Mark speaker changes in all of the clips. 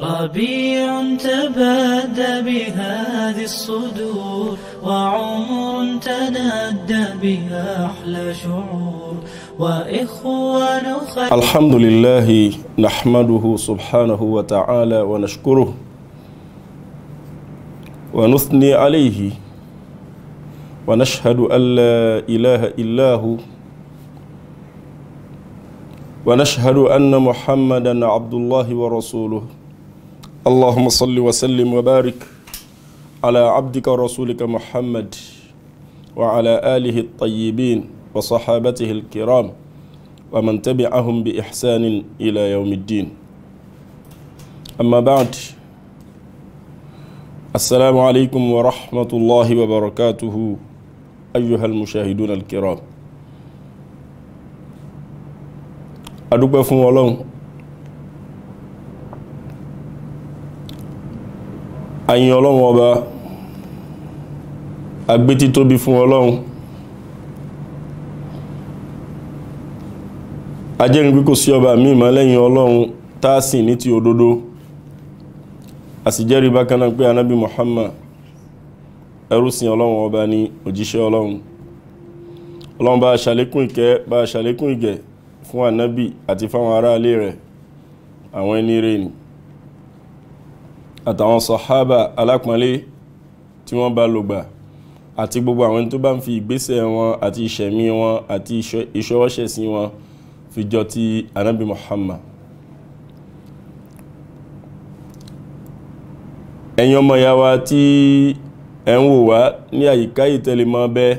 Speaker 1: ربيع تبادى بهذه الصدور وعمر تنادى بها أحلى شعور وإخوان خير الحمد لله نحمده سبحانه وتعالى ونشكره ونثني عليه ونشهد أن لا إله إلا هو ونشهد أن محمدا عبد الله ورسوله اللهم صل وسلم وبارك على عبدك ورسولك محمد وعلى آله الطيبين وصحابته الكرام ومن تبعهم بإحسان إلى يوم الدين أما بعد السلام عليكم ورحمة الله وبركاته أيها المشاهدون الكرام أدوبة فون àyìn ọlọ́run ọba agbétí tóbi fún ọlọ́run ajẹ́rin pé kò sí ọba míì mọ́ lẹ́yìn ọlọ́run táàsìn ní ti òdodo a sì pé anábì Muhammad ẹrúsìn ọlọ́run ọba ní òjíṣẹ́ ọlọ́run ọlọ́run bá ṣàlékún ìkẹ́ bá ṣàlékún ìgẹ̀ fún anábì àti fáwọn aráalé rẹ̀ àwọn ẹni rẹ̀ ni. ni. àtàwọn sọ̀hábà alápọ̀nlé tí wọ́n bá lògbà àti gbogbo àwọn tó bá ń fi ìgbésẹ̀ wọn àti ìṣẹ̀mí wọn àti ìṣọwọ́ṣẹ̀sí wọn fi jọ ti anábì Muhammad ẹ̀yin ọmọ ìyá wa tí ẹ ń wò wá ní àyíká ìtẹ̀lémọ́ bẹ́ẹ̀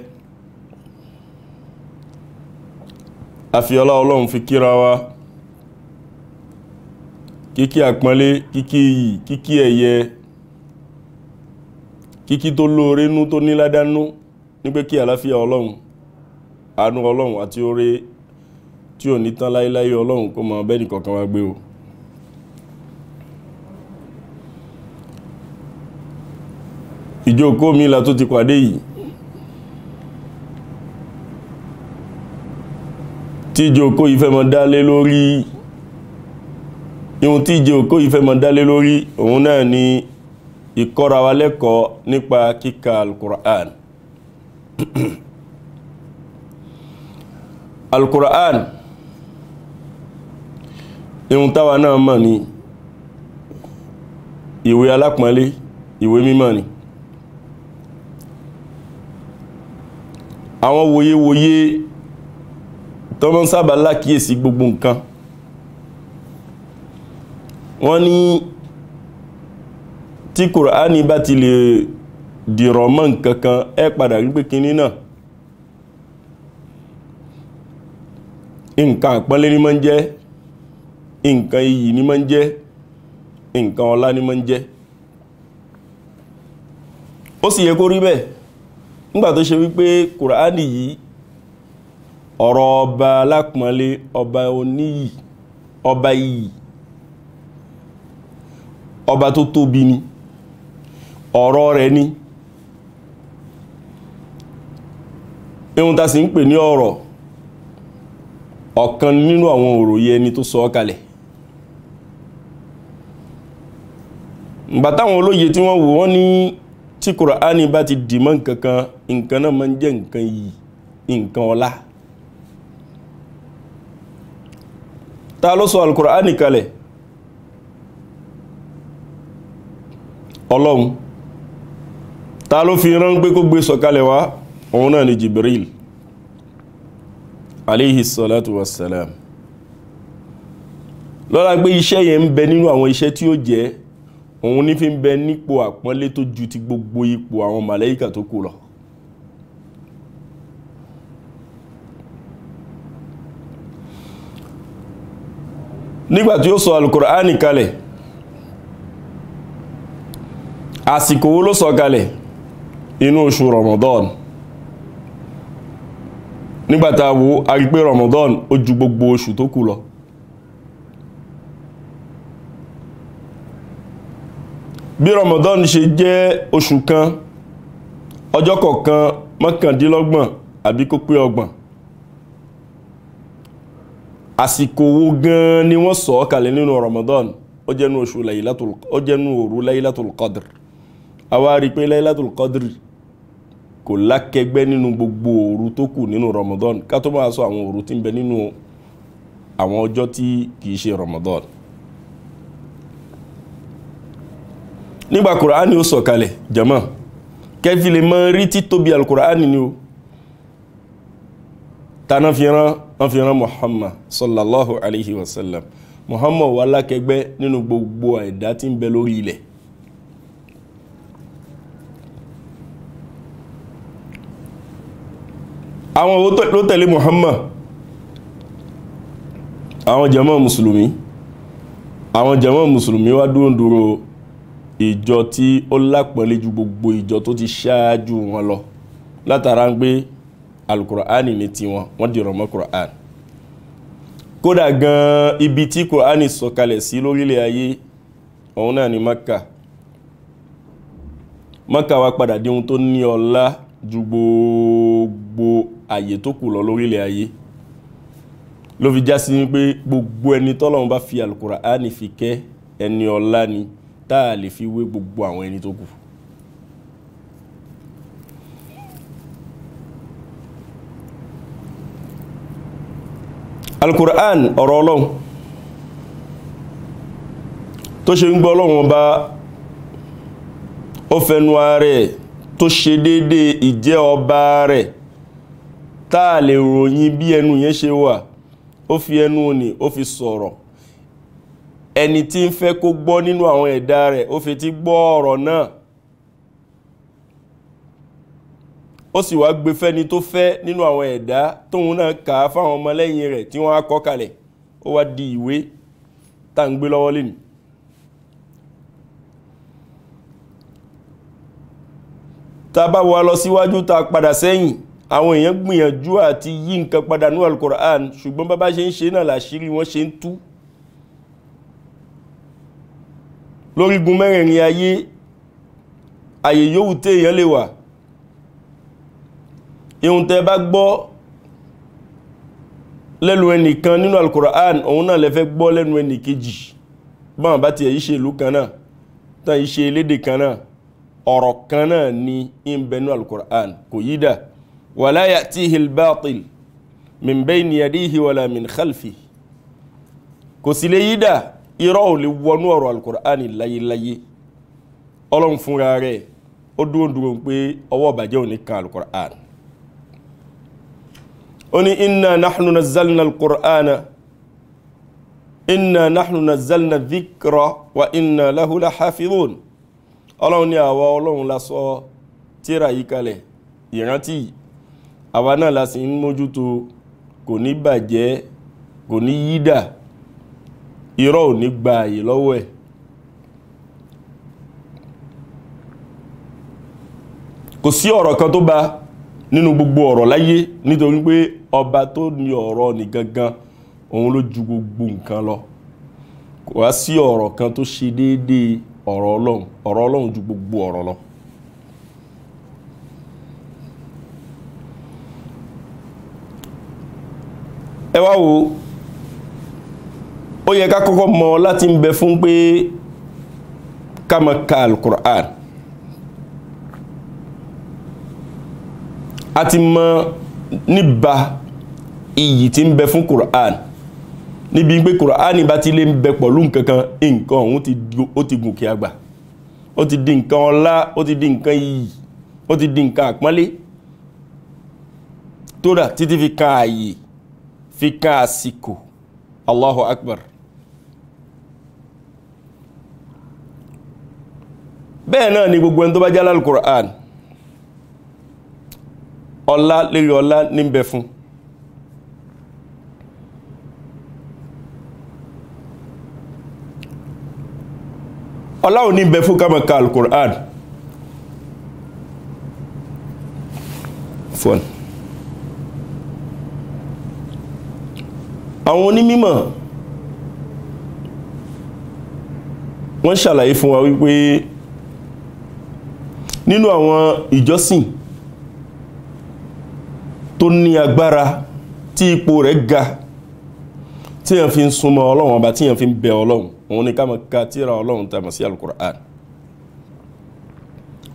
Speaker 1: àfi ọlọ́run fi kíra wa kíkí àpọ́nlé kíkí iyì kíkí ẹ̀yẹ kíkí tó lóore nú tó ní ládánú ní pé kí àlàáfíà ọlọ́run àánú ọlọ́run àti oore tí ò ní tán láíláí ọlọ́run kó mọ bẹ́ẹ̀ nìkọ̀ọ̀kan wá gbé o ìjókòó mi la tó ti pàdé yìí tí ìjókòó yìí fẹ́ mọ dá lé lórí ihun tí ìjẹ òkó yìí fẹ́ mọ dálé lórí òun náà ni ìkọ́ra wa lẹ́kọ̀ọ́ nípa kíka alukur'an alukur'an ihun táwa náà mọ̀ ni ìwé alápọ̀nlé ìwé mímọ́ ni àwọn wòye wòye tọ́mọ́ sábà lákìyèsí gbogbo nǹkan wọ́n ni tí kùránì bá ti lè dìrọ̀ mọ́ nkankan ẹ padà wípé kinní náà nǹkan àpọ́nlé ní mọ́ ń jẹ́ nkan iyì ní mọ́ ń jẹ́ nkan ọlá ní mọ́ ń jẹ́ ó sì yẹ kó rí bẹ́ẹ̀ nígbà tó ṣe wípé kùránì yìí ọ̀rọ̀ ọba alápọ̀nlé ọba oníyì ọba iyì ọba tó tóbi ni ọ̀rọ̀ rẹ̀ ni ihun ta sì ń pè ní ọ̀rọ̀ ọ̀kan nínú àwọn òròyé ẹni tó sọ ọ́ kalẹ̀ ìgbà táwọn olóye tí wọ́n wò wọ́n ní tí Kùránì bá ti dìmọ́ nkankan nkan náà máa ń jẹ́ nkan yìí nkan ọlá ta ló sọ al kalẹ̀ ọlọ́run ta ló fi rán pé kó gbé sọ̀kalẹ̀ wá òun náà ni Jibril alayhi salatu wassalam lọ́la pé iṣẹ́ yẹn ń bẹ nínú àwọn iṣẹ́ tí ó jẹ́ òun ní fi ń bẹ nípò àpọ́nlé tó ju ti gbogbo ipò àwọn màláíkà tó kù lọ nígbàtí ó sọ alukur'ani kalẹ̀ àsìkò wo ló sọ̀kalẹ̀ inú oṣù Ramadan nígbàtà wo a Ramadan ó ju gbogbo oṣù tó kù lọ bí Ramadan ṣe jẹ́ oṣù kan ọjọ́ kọ̀ọ̀kan mọ́kàndínlọ́gbọ̀n àbí kó pé ọgbọ̀n àsìkò wo gan ni wọ́n sọ ọ́ kalẹ̀ nínú Ramadan ó jẹ́nu òru Laylatul Qadr àwa rí i pé Laylatul Qadr kò lákẹgbẹ́ nínú gbogbo òru tó kù nínú Ramadan ká tó máa sọ àwọn òru tí ń bẹ nínú àwọn ọjọ́ tí kìí ṣe Ramadan nígbà kùránì ó sọ̀kalẹ̀ jama kẹfì lè máa rí títóbi alkùránì ni ó tana fi rán wọ́n Muhammad sallallahu alaihi wasallam Muhammad wà lákẹgbẹ́ nínú gbogbo ẹ̀dá tí ń bẹ lórí ilẹ̀ àwọn ló tẹ̀lé Muhammad àwọn jàmáà mùsùlùmí àwọn jàmáà mùsùlùmí wá dúró dúró ìjọ tí ó lápọ̀nlé ju gbogbo ìjọ tó ti ṣáájú wọn lọ látara ń gbé alukur'ani ní tiwọn wọ́n dìrọ̀ mọ́ kur'ani kódà gan ibi tí kur'ani sọ̀kalẹ̀ sí lórílẹ̀ ayé òun náà ni Makka Makka wá padà di ohun tó ní ọlá ju gbogbo àyè tó kù lọ lórílẹ̀ ayé ló fi já sí wípé gbogbo ẹni tọ́lọ́run bá fi Al-Qur'ani fi kẹ́ ẹni ọlá ni tá a lè fi wé gbogbo àwọn ẹni tó kù al ọ̀rọ̀ ọlọ́run tó ṣe ń gbọ́ ọlọ́run ọba ó fẹnu ara ẹ̀ tó ṣe déédé ìjẹ́ ọba rẹ̀ táà lè ròyìn bí ẹnu yẹn ṣe wà ó fi ẹnu òní ó fi sọ̀rọ̀ ẹni tí ń fẹ́ kó gbọ́ nínú àwọn ẹ̀dá rẹ̀ ó fi ti gbọ́ ọ̀rọ̀ náà ó sì wá gbé fẹ́ni tó fẹ́ nínú àwọn ẹ̀dá tóun náà kà á fáwọn ọmọlẹ́yìn rẹ̀ tí wọ́n á kọ́ kalẹ̀ ó wá di ìwé tá à ń gbé lọ́wọ́ lénìí tá a bá wá lọ síwájú tá a padà sẹ́yìn àwọn èèyàn gbìyànjú àti yí nǹkan padà ní alukoran ṣùgbọ́n bàbá ṣe ń ṣe náà làṣírí wọ́n ṣe ń tú lórígun mẹ́rẹ̀ẹ̀rin ayé àyè yòówù tí èèyàn lè wà ihun tẹ́ bá gbọ́ lẹ́nu ẹnìkan nínú alukoran òun náà lẹ́fẹ́ gbọ́ lẹ́nu ẹnìkejì báwọn bá tiẹ̀ yí ṣe ìlú kan náà tán yí elédè kan náà ọ̀rọ̀ kan náà ni in bẹnu al-Qur'an kò yí dà wala ya'tihi al-batil min bayni yadihi wala min khalfi kò sì lè yí dà irọ́ ò lè wọnú ọ̀rọ̀ al-Qur'an láyéláyé ọlọ́run fúnra rẹ̀ ó dúró dúró pé ọwọ́ ìbàjẹ́ ò ní kan al-Qur'an ó ní inna nahnu nazzalna al-Qur'ana inna nahnu nazzalna dhikra wa inna lahu lahafidhun ọlọ́run ní àwa ọlọ́run la sọ tíra yìí kalẹ̀ ìrántí àwa náà la sì ń mójútó kò ní bàjẹ́ kò ní yídà irọ́ ò ní gba àyè lọ́wọ́ ẹ̀ kò sí ọ̀rọ̀ kan tó bá nínú gbogbo ọ̀rọ̀ láyé nítorí pé ọba tó ní ọ̀rọ̀ ní òun ló ju gbogbo nǹkan lọ kò wá sí ọ̀rọ̀ kan tó ṣe déédéé ọ̀rọ̀ ọlọ́run ọ̀rọ̀ ọlọ́run ju gbogbo ọ̀rọ̀ lọ. ẹ wá wo ó yẹ ká kọ́kọ́ mọ láti ń bẹ fún pé ká máa ka alukur'an a ti mọ níbà iyì tí ń bẹ fún kur'an níbi pé kùránì bá ti lè ń bẹ pọ̀lú nkankan nǹkan ọ̀hún ó ti gùn kí a gbà ó ti di nǹkan ọlá ó ti di nǹkan iyì ó ti di nǹkan àpọ́nlé tódà títí fi kan ààyè fi kan àsìkò Allahu Akbar bẹ́ẹ̀ náà ni gbogbo ẹni tó bá jálá al-Qur'an ọlá lérí ọlá ní ń bẹ fún un ọláwọ̀ ní bẹ fún kama ka alukur'an fún àwọn onímímọ̀ wọ́n ṣàlàyé fún wa wípé nínú àwọn ìjọsìn tó ní agbára tí ipò rẹ̀ ga tí yàn fi ń súnmọ́ ọlọ́run ọba tí yàn fi ń bẹ ọlọ́run òun ni ká máa ka tíra ọlọ́run tá a mọ̀ sí alukur'an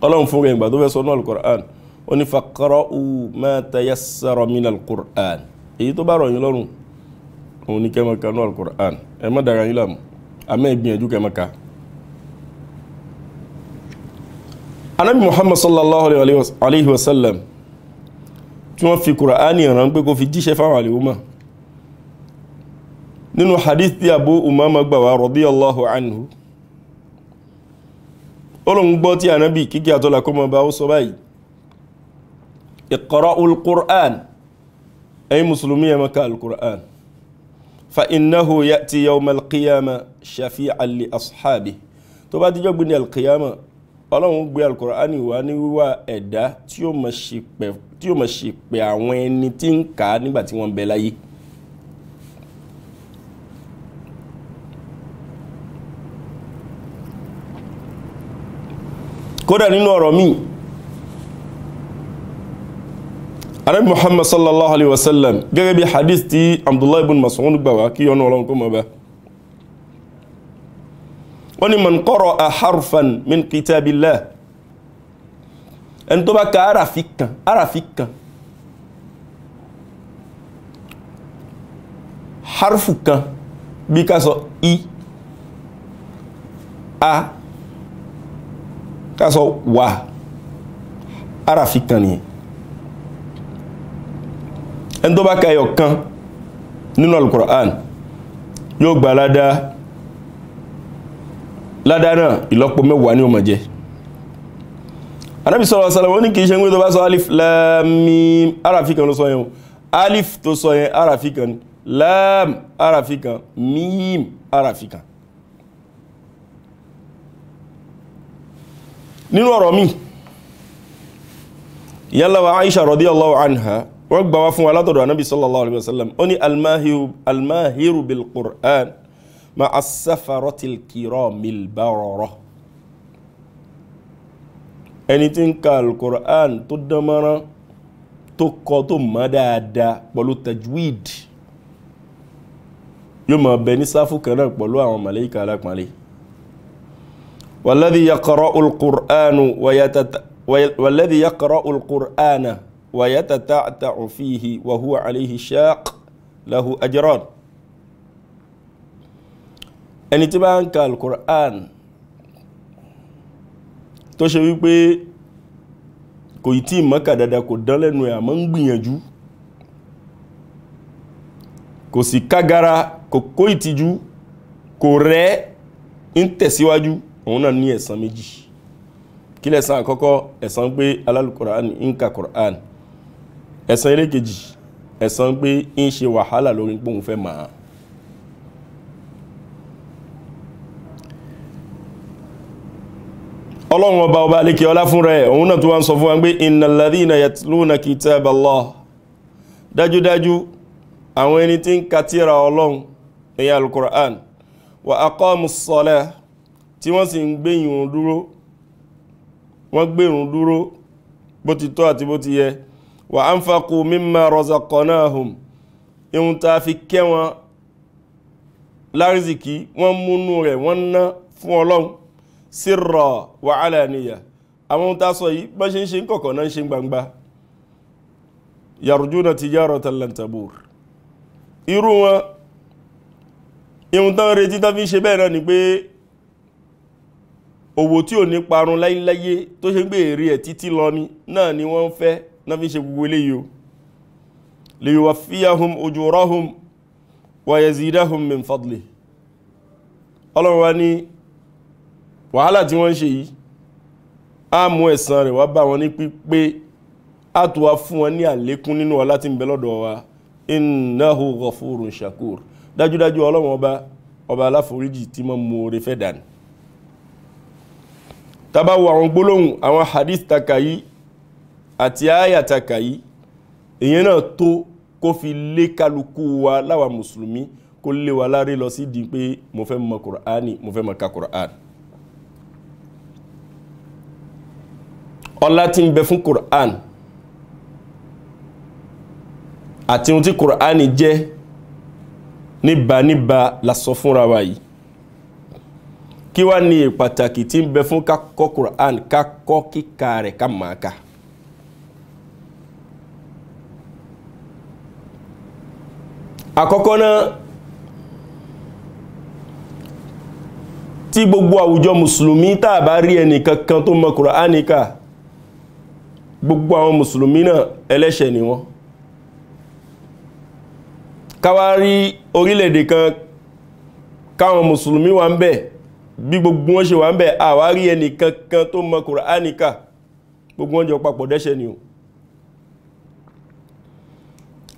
Speaker 1: ọlọ́run fún gbẹ̀ngbà tó fẹ́ sọ ní alukur'an ó ní faqra'u ma tayassara min alukur'an èyí tó bá rọ̀ yín lọ́rùn òun ni ká máa ka ní alukur'an ẹ má dara yín láàmú àmọ́ ìgbìyànjú ká máa ka. anabi muhammad sallallahu alayhi wa sallam tí wọ́n fi kur'ani rán pé kó fi jíṣẹ́ fáwọn àlèwọ́ mọ́ nínú hadith tí Abu Umama gbà wá radiyallahu anhu olóhùn gbọ́ tí ànábì kíkí àtọ́lá kó mọ́ bá ó sọ báyìí iqra'ul Qur'an ẹ̀yin mùsùlùmí ẹ máa ka al-Qur'an fa innahu ya'ti yawmal qiyamah shafi'an li ashabihi tó bá dijọ́ gbin al-qiyama ọlọ́run gbé al-Qur'an wá ní wíwá ẹ̀dá tí ó máa ṣìpẹ̀ àwọn ẹni tí ń kà á nígbà tí wọ́n bẹ láyé kódà nínú ọ̀rọ̀ míì arabi muhammad sallallahu alaihi wasallam gẹ́gẹ́ bí hadith ti abdullahi ibn mas'ud gbà wá kí ọ̀nà ọlọ́run kó mọ̀ bá wọ́n ni man qara'a harfan min kitabillah ẹni tó bá ka arafi kan arafi kan harfu kan bí ká sọ i a ká sọ wà arafi kan nìyẹn ẹni tó bá ka ẹyọ kan nínú alukur'an yóò gba ládá ládá náà ìlọ́po mẹ́wàá ní ó máa jẹ́ anábi sọ́rọ̀ sàlẹ̀wọ́n ní kìí ṣe ń tó bá sọ alif lam mim arafi kan ló sọ yẹn alif tó sọ yẹn arafi kan lam arafi kan mim arafi kan nínú ọ̀rọ̀ mi yálàwà Aisha radiyallahu anha wọ́n gbà wá fún wa látọ̀dọ̀ anábì sallallahu alaihi wasallam ó ní almahiru bil qur'an ma as-safaratil kiramil barara ẹni tí ń ka al-qur'an tó dánmọ́rán tó kọ tó mọ́ dáadáa pẹ̀lú bẹ ní sáfù kan pẹ̀lú àwọn màláíkà alápàlẹ́ والذي يقرأ القرآن ويتت... والذي يقرأ القرآن ويتتعتع فيه وهو عليه شاق له أجران ẹni tí bá ń ka al-Qur'an tó ṣe wípé kò ì tí mọ́kà dada kò dán lẹ́nu ẹ̀ àmọ́ ń gbìyànjú kò sì kágara kò kó ìtìjú kò rẹ̀ ń tẹ̀síwájú si òun náà ní ẹ̀san méjì kí lẹ̀san àkọ́kọ́ ẹ̀san pé alálùkùránì ń ka kùránì ẹ̀san elékejì ẹ̀san pé ń ṣe wàhálà lórí pòun fẹ́ màá ọlọ́run ọba ọba alékè ọlá fúnra ẹ̀ òun náà tó wá ń sọ fún wa pé innal ladhina yatluna kitaballah dájúdájú àwọn ẹni tí ń ka ọlọ́run ní alukur'an wa aqamus salah tí wọ́n sì ń gbé ìrun dúró wọ́n gbé ìrun dúró bó ti tọ́ àti bó ti yẹ wa anfaqu mimma razaqnahum ìhun tá a fi kẹ́ wọn lárízìkí wọ́n múnú rẹ̀ wọ́n ná fún ọlọ́run sirra wa alaniya àwọn ohun tá a sọ yìí bá ṣe ń ṣe ń kọ̀kọ̀ náà ń ṣe gbangba yarjuna tijaratan lan tabur irú wọn ìhun tán retí tán fi ń ṣe bẹ́ẹ̀ náà ni pé òwò tí ò ní parun láyéláyé tó ṣe ń gbé èrè ẹ̀ títí lọ ni náà ni wọ́n ń fẹ́ náà fi ṣe gbogbo eléyìí o li yuwaffiyahum ujurahum wa yazidahum min fadli ọlọ́run wa ní wàhálà tí wọ́n ń ṣe yìí á mú ẹ̀san rẹ̀ wá bá wọn ní pípé á tó wá fún wọn ní àlékún nínú ọlá tí ń bẹ lọ́dọ̀ wa innahu ghafurun shakur dájúdájú ọlọ́run ọba ọba aláforíjì tí mọ́ mú oore fẹ́ dànù tabawo àwọn gbólóhùn àwọn hadith takayi àti aya takayi èyàn náà tó kó fi lé kálukú wa láwa mùsùlùmí kó lé wa láré lọ sí di pé mo fẹ́ mọ kùránì mo fẹ́ mọ ka kùránì ọlá tí ń bẹ fún kùránì àti ohun tí kùránì jẹ́ níbaníba la sọ fúnra wa yìí kí wá ní pàtàkì tí ń bẹ fún kakọ́ Quran kakọ́ kíkà rẹ̀ ká máa ka. àkọ́kọ́ náà tí gbogbo àwùjọ mùsùlùmí tàà bá rí ẹnìkan kan tó mọ Kùránì kà gbogbo àwọn mùsùlùmí náà ẹlẹ́ṣẹ̀ ni wọ́n káwá rí orílẹ̀-èdè kan káwọn mùsùlùmí wà ń bẹ̀ẹ́ bí gbogbo wọn ṣe wà ń bẹ̀ àwárí ẹnì kankan tó mọ Kùránì kà gbogbo wọn jọ papọ̀ dẹ́ṣẹ̀ ni o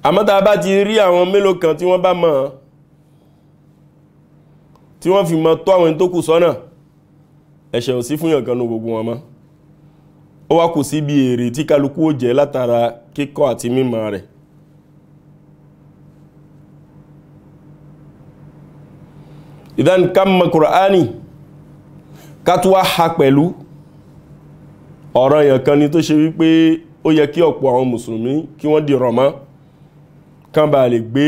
Speaker 1: àmọ́ tá a bá ti rí àwọn mélòó kan tí wọ́n bá mọ̀ tí wọ́n fi mọ tó àwọn tó kù sọ́nà ẹ̀ṣẹ̀ ò sí fún yàn kan gbogbo wọn mọ́ ó wá kù sí bí èrè tí kálukú ó jẹ́ látara kíkọ́ àti mímọ̀ rẹ̀ ìdán ká Kùránì kátúwá ha pẹ̀lú ọ̀rọ̀ èèyàn kan ni tó ṣe wípé ó yẹ kí ọ̀pọ̀ àwọn mùsùlùmí kí wọ́n di rọ̀mọ́ kán bá lè gbé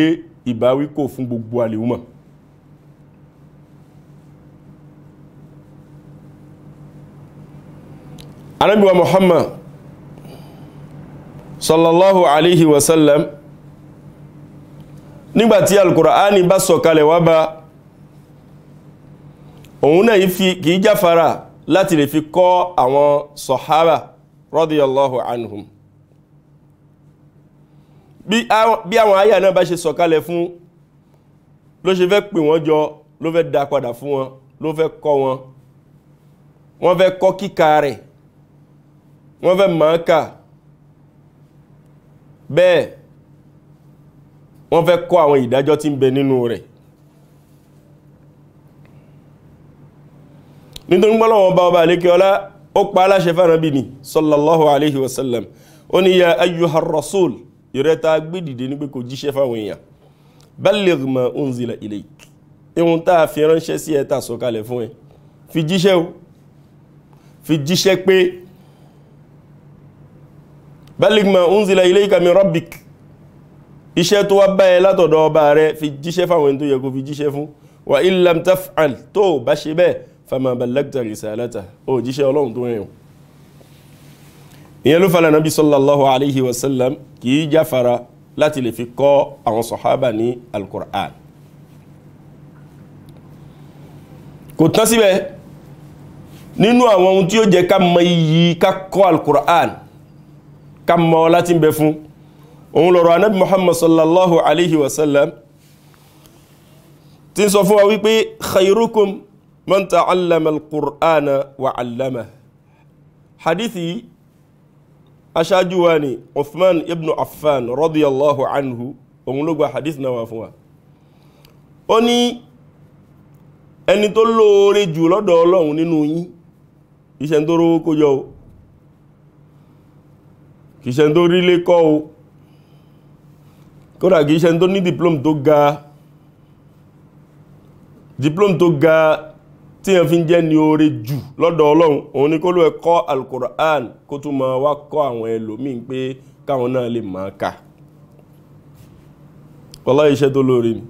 Speaker 1: ìbáwí fún gbogbo àlèwùmọ̀ Ànábì Muhammad sallallahu alaihi wasallam nígbàtí al-Qur'ani bá sọ̀kalẹ̀ wá bá òun náà kìí jáfara láti lè fi kọ́ àwọn sọ̀hábà radiyallahu anhum bí àwọn àyà náà bá ṣe sọ̀kalẹ̀ fún ló ṣe fẹ́ pè wọ́n jọ ló fẹ́ dá padà fún wọn ló fẹ́ kọ́ wọn wọ́n fẹ́ kọ́ kíkà rẹ̀ wọ́n fẹ́ máa kà bẹ́ẹ̀ wọ́n fẹ́ kọ́ àwọn ìdájọ́ tí ń bẹ nínú rẹ̀ nítorí pọ́lọ́wọ́n bá ọba àlékẹ́ ọlá ó pa aláṣẹ fánàbí ni sallallahu alaihi wasallam ó ní ya ayyuhar rasul ìrẹta gbìdìdè ní pé kò jíṣẹ́ fáwọn èèyàn balligh ma unzila ilayk ihun tá a fi ránṣẹ́ sí ẹ tá a sọ̀kalẹ̀ fún ẹ fi jíṣẹ́ o fi jíṣẹ́ pé balligh ma unzila ilayka min rabbik iṣẹ́ tó wá bá látọ̀dọ̀ ọba rẹ fi jíṣẹ́ fáwọn ẹni tó yẹ kó fi jíṣẹ́ fún wa illam taf'al tó bá ṣe bẹ́ẹ̀ fama balagta risalata ó jíṣẹ́ ọlọ́run tó rẹ̀yàn ìyẹn ló fàlànà bí sallallahu alaihi wasallam kì í jáfara láti lè fi kọ́ àwọn sọ̀hábà ní alkur'an kò tán síbẹ̀ nínú àwọn ohun tí ó jẹ́ ká mọ iyì ká kọ́ alkur'an ká mọ láti bẹ fún òun lọ̀rọ̀ anábi muhammad sallallahu alaihi wasallam tí ń sọ fún wa wípé khairukum man ta'allama al-qur'ana wa 'allamahu hadithi aṣáájú wa ni uthman ibn affan radiyallahu anhu òun ló gba hadith náà wá fún wa ó ní ẹni tó lóore jù lọ́dọ̀ ọlọ́run nínú yín iṣẹ́ tó rówó kó yọ o kìí ṣe tó rí lé kọ́ o kódà kìí ṣe tó ní diplom tó ga diplom tó ga tí yẹn fi ń jẹ́ ní oore jù lọ́dọ̀ ọlọ́run òun ni kó ló ẹ kọ́ alukur'an kó tún máa wá kọ́ àwọn ẹlòmíín pé káwọn náà lè máa kà wọ́lá iṣẹ́ tó lóore ni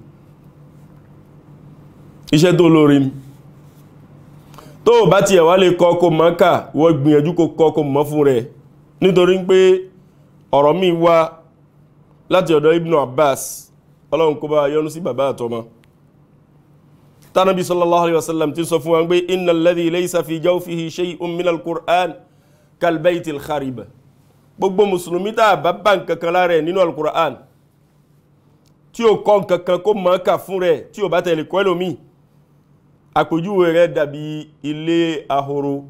Speaker 1: iṣẹ́ tó lóore ni tó o bá tiẹ̀ wá lè kọ́ kó máa kà wọ́n gbìyànjú kó kọ́ kó mọ́ fún rẹ̀ nítorí pé ọ̀rọ̀ mi wá láti ọ̀dọ̀ Ibn Abbas ọlọ́run kó bá yọ́nú sí bàbá àtọmọ tánàbí sallallahu alayhi wa sallam ti sọ fún wa pé inna alladhi laysa fi jawfihi shay'un min al-Qur'an kalbaiti al-kharib gbogbo mùsùlùmí tá a bá bá nǹkan kan lára ẹ̀ nínú al-Qur'an tí o kọ́ nǹkan kan kó mọ̀ ká fún rẹ̀ tí o bá tẹ̀lé kọ́ ẹlòmíì àpèjúwe rẹ̀ dàbí ilé ahoro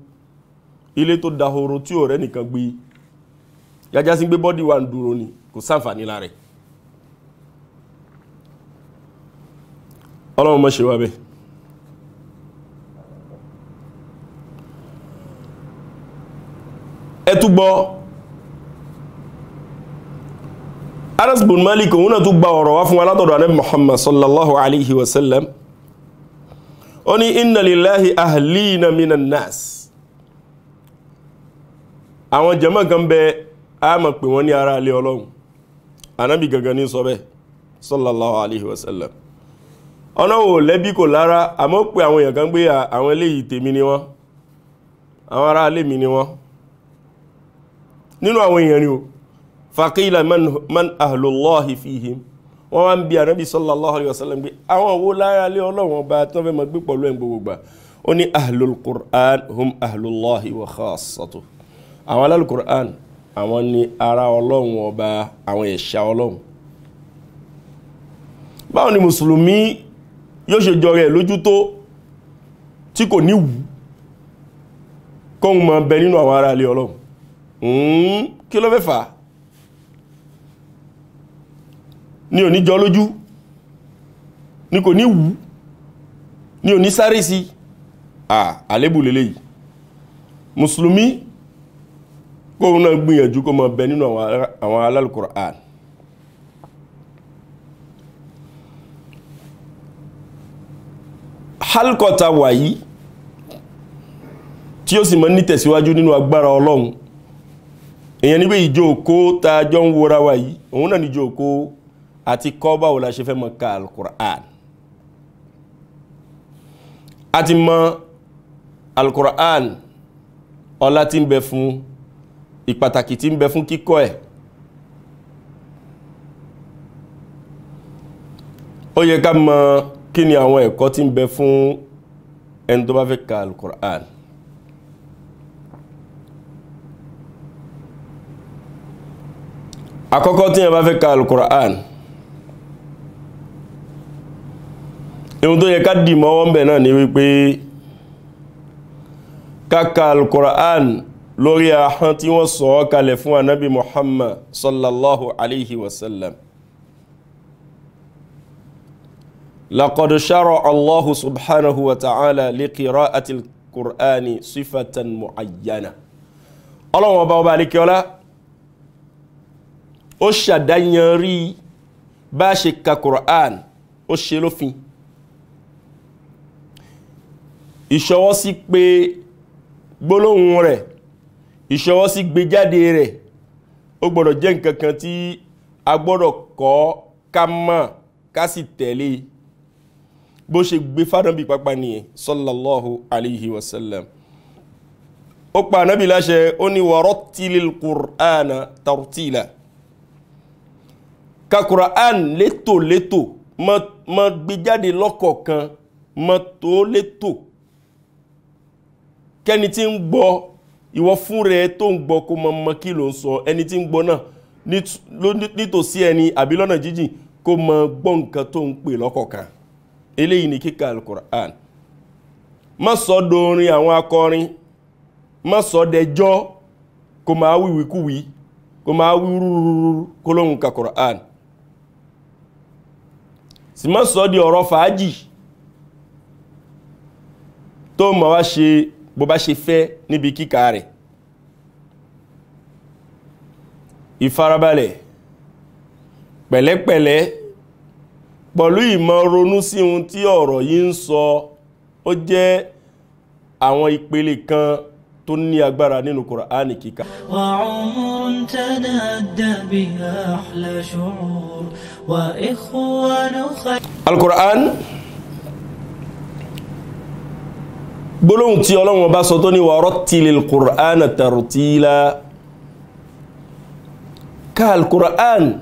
Speaker 1: ilé tó dahoro tí o rẹ̀ nìkan gbé yájá gbé bọ́dì wa ń ni kò sáǹfààní lára ẹ̀ ọlọ́run mọ́ ṣe wá bẹ́ẹ̀ ẹtúgbọ́ Anas bin Malik òun náà tún gba ọ̀rọ̀ wá fún wa látọ̀dọ̀ Ànábì Muhammad sallallahu alaihi wasallam ó ní inna lillahi ahlina minan nas àwọn jama kan bẹ a mọ̀ pé wọ́n ní ara alẹ́ ọlọ́run Ànábì gangan ní sọ bẹ́ẹ̀ sallallahu alaihi wasallam ọ̀nà wo lẹ́bí kò lára àmọ́ pé àwọn èèyàn kan gbé àwọn eléyìí tèmi ni wọ́n àwọn ará alẹ́ mi ni wọ́n nínú àwọn èèyàn ni o faqila man ahlullahi fihim wọ́n wá ń bi ànábì sallallahu alayhi wa sallam pé àwọn wo lára lé ọlọ́wọ́n bá tí wọ́n fẹ́ máa gbé pọ̀lú ẹ̀ gbogbo gbà ó ní ahlul qur'an hum ahlullahi wa khassatuh àwọn alálù qur'an àwọn ni ara ọlọ́run ọba àwọn bẹ nínú àwọn ará ilé ọlọ́run kí ló fẹ́ fà ní òní jọ lójú ní kò ní wù ní òní sáré sí àlébù lélẹ̀ yìí mùsùlùmí kóhun náà gbìyànjú kó máa bẹ nínú àwọn alálùkùrán halkọta wàyí tí ó sì mọ́ ní tẹ̀síwájú nínú agbára ọlọ́run èèyàn níbi ìjókó tá a jọ ń wora wa yìí òun náà ní ìjókó àti kọ́ báwo la ṣe fẹ́ mọ ka alukur'an a ti mọ alukur'an ọlá tí ń bẹ fún ìpàtàkì tí ń bẹ fún kíkọ́ ẹ̀ ó yẹ ká mọ kí ni àwọn ẹ̀kọ́ tí ń bẹ fún ẹni tó bá fẹ́ ka alukur'an àkọ́kọ́ tí yẹn bá fẹ́ ka alukura'an ihun tó yẹ ká dì mọ́wọ́ ń bẹ̀ náà ni wípé ká ka alukura'an lórí ahọ́n tí wọ́n sọ ọ́ kalẹ̀ fún anábì muhammad sallallahu alaihi wasallam لقد شرع الله سبحانه وتعالى لقراءة القرآن صفة معينة الله وبارك له ó ṣàdáyanrí bá a ṣe ka Qur'an ó ṣe lófin ìṣọwọ́ sí pé gbólóhùn rẹ̀ ìṣọwọ́ sí gbéjáde rẹ̀ ó gbọ́dọ̀ jẹ́ nǹkan tí a gbọ́dọ̀ kọ́ ká mọ̀ ká sì tẹ̀lé bó ṣe gbé fádánbì pápá nìyẹn sallallahu alayhi wasallam. sallam ó pa ànábì láṣẹ ó ní wa rattilil Qur'ana tartila ka Quran leto mọ gbé jáde lọ́kọ̀ọ̀kan mọ tó létò kẹ́ni tí ń gbọ́ ìwọ fún rẹ tó ń gbọ́ kó mọ mọ kí ló ń sọ ẹni tí ń gbọ́ náà nítòsí ẹni àbí lọ́nà jíjìn kó mọ gbọ́ nǹkan tó ń pè lọ́kọ̀ọ̀kan eléyìí ni kíkà al-Quran má sọ dorin àwọn akọrin má sọ dẹjọ́ kó máa wíwíkúwí kó máa wí kó lóhun ka sì má sọ di ọ̀rọ̀ fàájì tó mọ̀ wá ṣe bó bá ṣe fẹ́ níbi kíkà rẹ̀ ìfarabalẹ̀ pẹ̀lẹ́pẹ̀lẹ́ pẹ̀lú ìmọ̀ ronú sí ohun tí ọ̀rọ̀ yìí ń sọ ó jẹ́ àwọn ìpele kan tó ní agbára nínú Kùránì kíkà. wà á mú un tẹ́lẹ̀ dàbí àhlẹ̀ ṣòro alukur'an gbólóhùn tí ọlọ́run ọba sọ tó ní wa rattilil qur'ana tartila ká alukur'an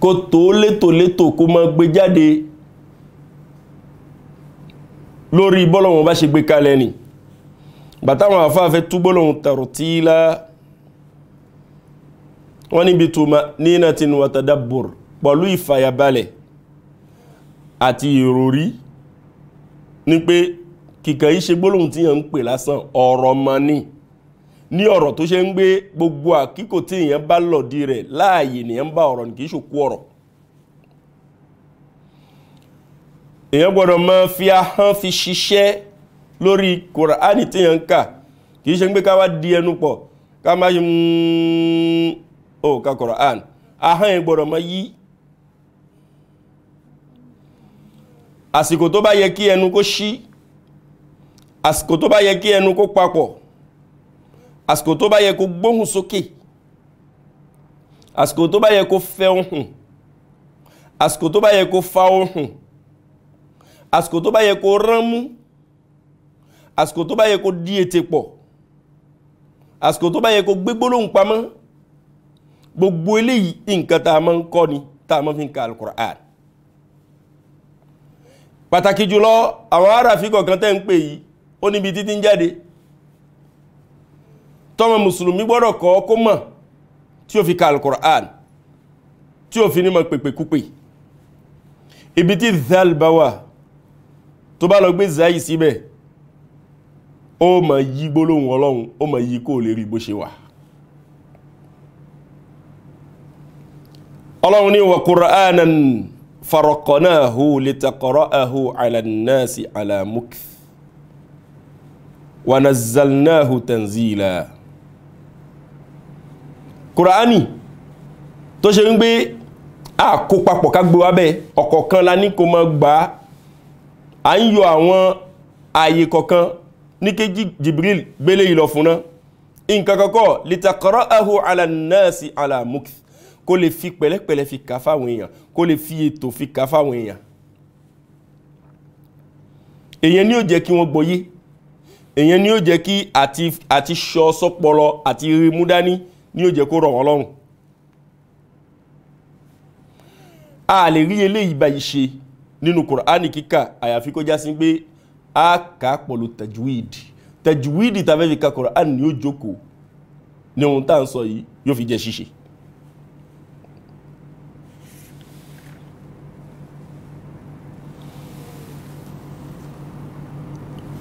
Speaker 1: kó tó létòlétò kó má gbé jáde lórí bọ́lọ̀wọ̀n bá ṣe gbé kalẹ̀ ni bàtàwọn àfáàfẹ́ tú bọ́lọ̀wọ̀n tartila wọ́n níbi tuma ninatin wa tadabbur pẹ̀lú ìfàyàbalẹ̀ àti ìròrí ní pé kìkàn yí ṣe gbólóhùn tí yàn ń pè lásán ọ̀rọ̀ ma ní ní ọ̀rọ̀ tó ṣe ń gbé gbogbo àkíkò tí èèyàn bá lọ̀dí rẹ̀ láàyè nìyàn bá ọ̀rọ̀ ní kìí ṣòkú ọ̀rọ̀ èèyàn gbọ́dọ̀ mọ́ fi ahọ́n fi ṣiṣẹ́ lórí kòránì tí yàn ń kà kìí ṣe ń gbé ká wá di ẹnu pọ̀ ká má ṣe mú mmm, ó ka kòránì ahọ́n yẹn gbọ́dọ̀ mọ́ yí àsìkò tó bá yẹ kí ẹnu kó ṣí àsìkò tó bá yẹ kí ẹnu kó papọ̀ àsìkò tó bá yẹ kó gbóhùn sókè àsìkò tó bá yẹ kó fẹ́ ohùn àsìkò tó bá yẹ kó fa ohùn àsìkò tó bá yẹ kó ránmú àsìkò tó bá yẹ kó dí ètè pọ̀ àsìkò tó bá yẹ kó gbé pamọ́ gbogbo eléyìí nǹkan tá a máa ń kọ́ ni tá a máa fi ń ka alukur'an pàtàkì jùlọ àwọn aráàfí kọ̀ọ̀kan tẹ́ ń pè yìí ó níbi títí ń jáde tọ́mọ mùsùlùmí gbọ́dọ̀ kọ́ kó mọ̀ tí ó fi ka al-Qur'an tí ó fi ní mọ̀ pèpèkúpè ibi tí zal bá wà tó bá lọ gbé zayi síbẹ̀ ó mọ̀ yí gbólóhùn ọlọ́run ó mọ̀ yí kó lè rí bó ṣe wà ọlọ́run ní wa Qur'anan فرقناه لتقرأه على الناس على مكث ونزلناه تنزيلا Kùránì tó ṣe ń gbé àkó papọ̀ ká gbé wábẹ́ ọ̀kọ̀ọ̀kan la ní kó mọ́ gbà á à ń yọ àwọn ààyè kọ̀ọ̀kan ní kéjì Jibril gbélé ìlọ̀fún nǹkan kọ̀kọ́ litakọ̀rọ̀ ahu ala kó lè fi pẹ̀lẹ́pẹ̀lẹ́ fi kà fáwọn èèyàn kó lè fi ètò fi kà fáwọn èèyàn èèyàn ni ó jẹ́ kí wọ́n gbọ́yé èèyàn ni ó jẹ́ kí àti sọ sọpọlọ àti rímú dání ni ó jẹ́ kó rọ̀ wọ́n lọ́rùn a lè rí eléyìí báyìí ṣe nínú Kùránì kíkà àyàfi kó já sí pé a kà á pọ̀lú tajwid tajwid tàbí fi ka Kùránì ni ó jókòó ní ohun tá à ń sọ yìí yóò fi jẹ́ ṣíṣe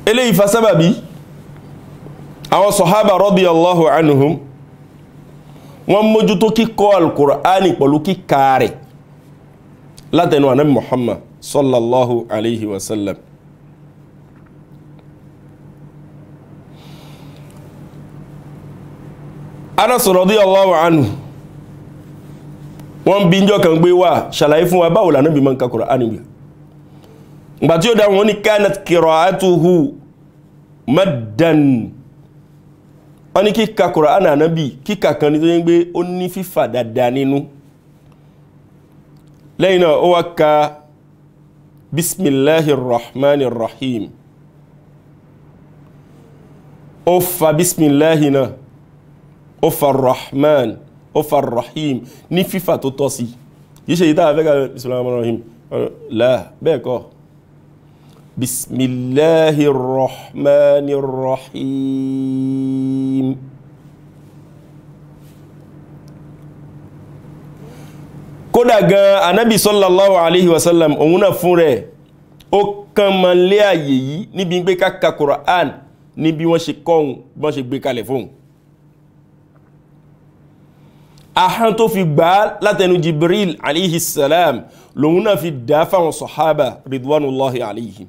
Speaker 1: eléyìí fa sábàbí àwọn sọ̀hábà radiyallahu anhum wọ́n mójútó kíkọ́ alkùránì pẹ̀lú kíkà rẹ̀ látẹnu ànábì muhammad sallallahu alayhi wa sallam anas radiyallahu anhu wọ́n bí njọ́ kan gbé wà ṣàlàyé fún wa báwo lànà mọ́ ń ka kùránì gbé ìgbà tí ó dáhùn ó ní kanat qira'atuhu maddan wọ́n ní kíkà Kùránì ànábì kíkà kan ní tó yẹ pé ó ní fífà dáadáa nínú lẹ́yìn náà ó wá ka bismillahir ó fa bismillahi náà ó fa rahman ó fa rahim ní fífà tó tọ́ sí yíṣe yìí táwọn afẹ́kà bismillahir rahmanir láà bẹ́ẹ̀ kọ́ بسم الله الرحمن الرحيم kódà gan anábì sallallahu alaihi wasallam òun náà fún rẹ̀ ó kàn mọ́ lé àyè yìí níbi gbé káka Qur'an ní bí wọ́n ṣe kọ́hun bí wọ́n ṣe gbé kalẹ̀ fóhun ahán tó fi gbà látẹnu Jibril alaihi salam lòun náà fi dá fáwọn sahaba ridwanullahi alaihim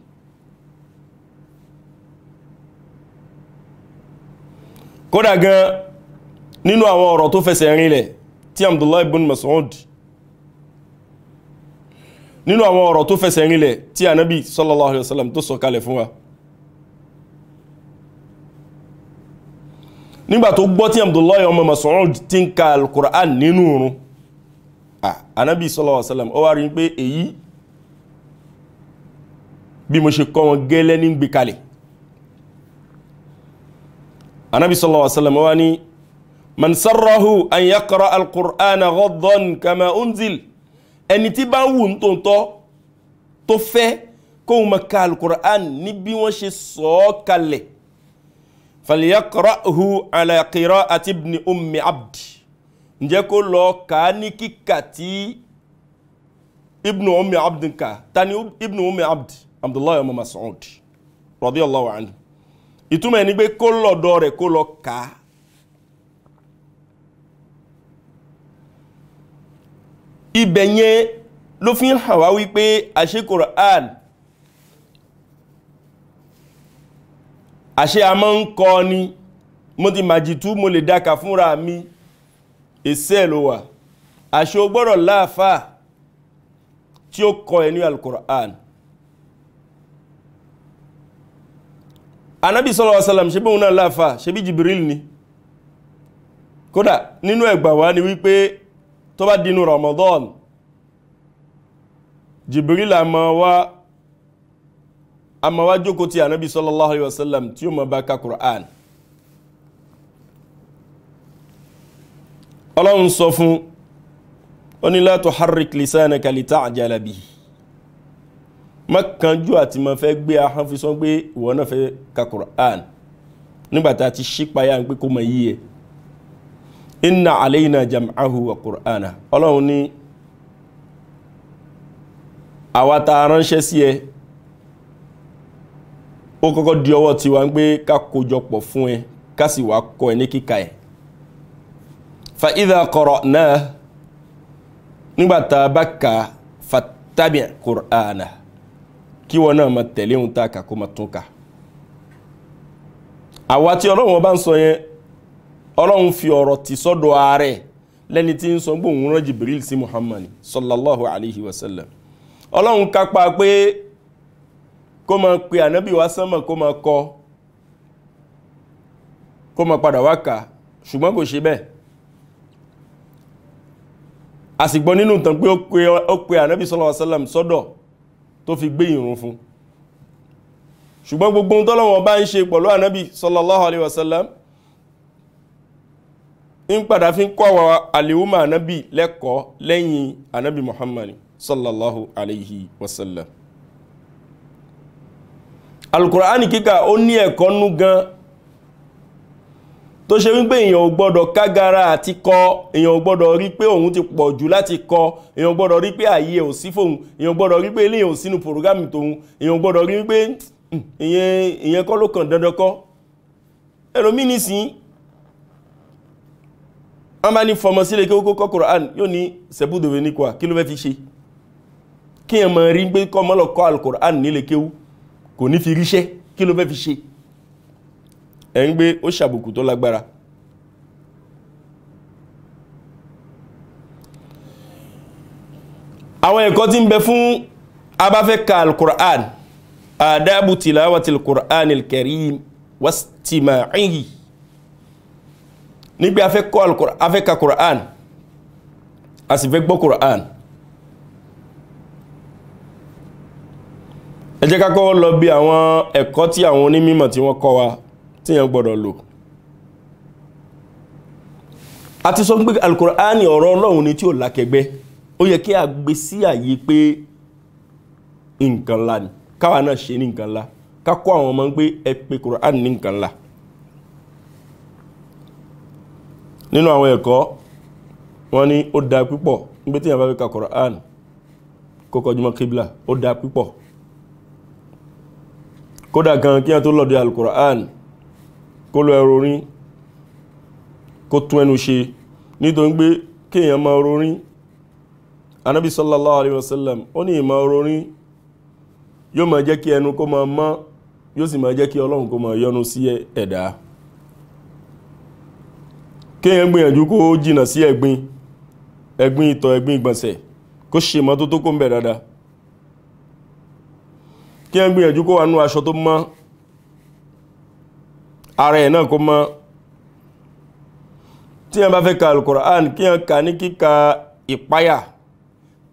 Speaker 1: kódà gan nínú àwọn ọ̀rọ̀ tó fẹsẹ̀ rinlẹ̀ tí Abdullahi ibn Mas'ud nínú àwọn ọ̀rọ̀ tó fẹsẹ̀ rinlẹ̀ tí anabi sallallahu alaihi wasallam tó sọ kalẹ̀ fún wa nígbà tó gbọ́ tí Abdullahi ọmọ Mas'ud ti ń ka al-Qur'an nínú oorun Ànábì sallallahu alaihi wasallam ó wá rí pé èyí bí mo ṣe kọ́ wọn gẹ́lẹ́ ní gbé kalẹ̀ النبي صلى الله عليه وسلم واني من سره ان يقرا القران غضا كما انزل ان تباو انتو تو في كو القران نبي وش سو كالي فليقراه على قراءه ابن ام عبد نجيكو لو كاني كي كاتي ابن ام عبد كا تاني ابن ام عبد عبد الله ام مسعود رضي الله عنه ìtumọ̀ ẹni pé kó lọ́dọ̀ rẹ̀ kó lọ kà á ibẹ̀ yẹn ló fi ń hàn wá wípé àṣẹ Qur'an àṣẹ a ń kọ ni mo ti màjìtú mo lè dáka fúnra mi èsẹ́ ló wà àṣẹ o gbọ́dọ̀ tí ó kọ ẹ ní anábì sallallahu alaihi wasallam ṣe bí òun náà láàfà ṣe bí Jibril ni kódà nínú ẹgbà wá ni wípé tó bá dínú Ramadan Jibril a máa wá a máa wá jókòó ti anábì sallallahu alaihi wasallam tí ó máa bá ka Qur'an ọlọ́run sọ fún onílá tuharrik lisanaka lita'jala bihi má kanjú àti má fẹ́ gbé ahọ́n fi sọ́n pé ìwọ náà fẹ́ ka Qur'an nígbàtà ti ṣípayá pé kó mọ̀ yí ẹ inna alayna jam'ahu wa Qur'ana ọlọ́run ní àwa tá a ránṣẹ́ sí ẹ ó kọ́kọ́ di ọwọ́ tiwa ń gbé ká fún ẹ ká sì kọ́ ẹ ní kíkà ẹ fa idha qara'nahu nígbàtà bá ka fattabi' Qur'ana kí wọn náà máa tẹ̀lé ohun tá a kà kó máa tún kà àwa tí ọlọ́run ọba ń sọ yẹn ọlọ́run fi ọ̀rọ̀ tì sọ́dọ̀ ààrẹ lẹ́ni tí ń sọ pé òun rán jibril sí muhammad sallallahu alayhi wa sallam ọlọ́run kápá pé kó máa pe ànábì wá sánmà kó máa kọ kó máa padà wá kà ṣùgbọ́n kò ṣe bẹ́ẹ̀ a nínú ìtàn pé ó pe ànábì sallallahu alayhi wa sallam sọ́dọ̀ tó fi gbé ìrun fún ṣùgbọ́n gbogbo ohun tọ́lọ́wọ́n bá ń ṣe pẹ̀lú ànábì sallallahu alaihi wasallam ń padà fi ń kọ́ àwọn àlèwọ́mọ̀ ànábì lẹ́kọ̀ọ́ lẹ́yìn ànábì Muhammad sallallahu alaihi wasallam alukur'ani kíkà ó ní ẹ̀kọ́ nú gan tó ṣe wípé èèyàn ò gbọ́dọ̀ kágara àti kọ èèyàn ò gbọ́dọ̀ rí pé òun ti pọ̀ jù láti kọ èèyàn ò gbọ́dọ̀ rí pé ààyè ò sí fóun èèyàn ò gbọ́dọ̀ rí pé eléyìí ò sínú pòrógámì tòun èèyàn ò gbọ́dọ̀ rí pé hmm, ìyẹn kọ́ ló kàn dandan kọ́ ẹlòmí nísìn wọ́n bá ní fọmọ sílé kí ó kó kọ́ yóò ní sẹ́bùdòwe ní kọ́ kí ló fẹ́ fi ṣe kí èèyàn mọ̀ rí pé kọ́ mọ́lọ̀ kọ́ Al-Kùránì nílé kéwú kò ní fi ríṣẹ́ kí ló fẹ́ fi ṣe ẹ̀ ń gbé ó ṣàbùkù tó lágbára àwọn ẹ̀kọ́ tí ń bẹ fún abáfẹ́ ka al-Qur'an adabu tilawati al-Qur'an al-Karim wastima'ihi nígbé afẹ́ ka Qur'an a sì fẹ́ gbọ́ Qur'an ẹ jẹ́ ká kọ́ lọ bí àwọn ẹ̀kọ́ tí àwọn onímọ̀ tí wọ́n kọ́ wa tí yẹn gbọ́dọ̀ lò a ti sọ pé alukur'ani ọ̀rọ̀ ọlọ́run ni tí ò lákẹgbẹ́ ó yẹ kí a gbé sí àyè pé nǹkan ńlá ni káwa náà ṣe ní nǹkan ńlá ká kọ́ àwọn ọmọ pé ẹ pé kur'ani ní nǹkan ńlá nínú àwọn ẹ̀kọ́ wọ́n ní ó da púpọ̀ nígbé tí yẹn bá fi ka kur'ani kó kọjú ó da púpọ̀ kódà gan kí wọ́n tó lọ́dọ̀ alukur'ani kó lọ ẹrọ orin kó tún ẹnu ṣe nítorí pé kéèyàn máa rorin anabi sallallahu alayhi wa sallam ó ní ìmọ̀ rorin yóò máa jẹ́ kí ẹnu kó máa mọ́ yóò sì máa jẹ́ kí ọlọ́run kó máa yọ́nú sí ẹ̀dá kéèyàn gbìyànjú kó jìnà sí ẹ̀gbin ẹ̀gbin ìtọ̀ ẹ̀gbin ìgbọ̀nsẹ̀ kó ṣe mọ́tótó kó ń bẹ̀ dáadáa kéèyàn gbìyànjú kó wà nú ara ẹ̀ náà kó mọ́ tí wọ́n bá fẹ́ ka alukoran kí wọ́n ka ní kíka ìpáyà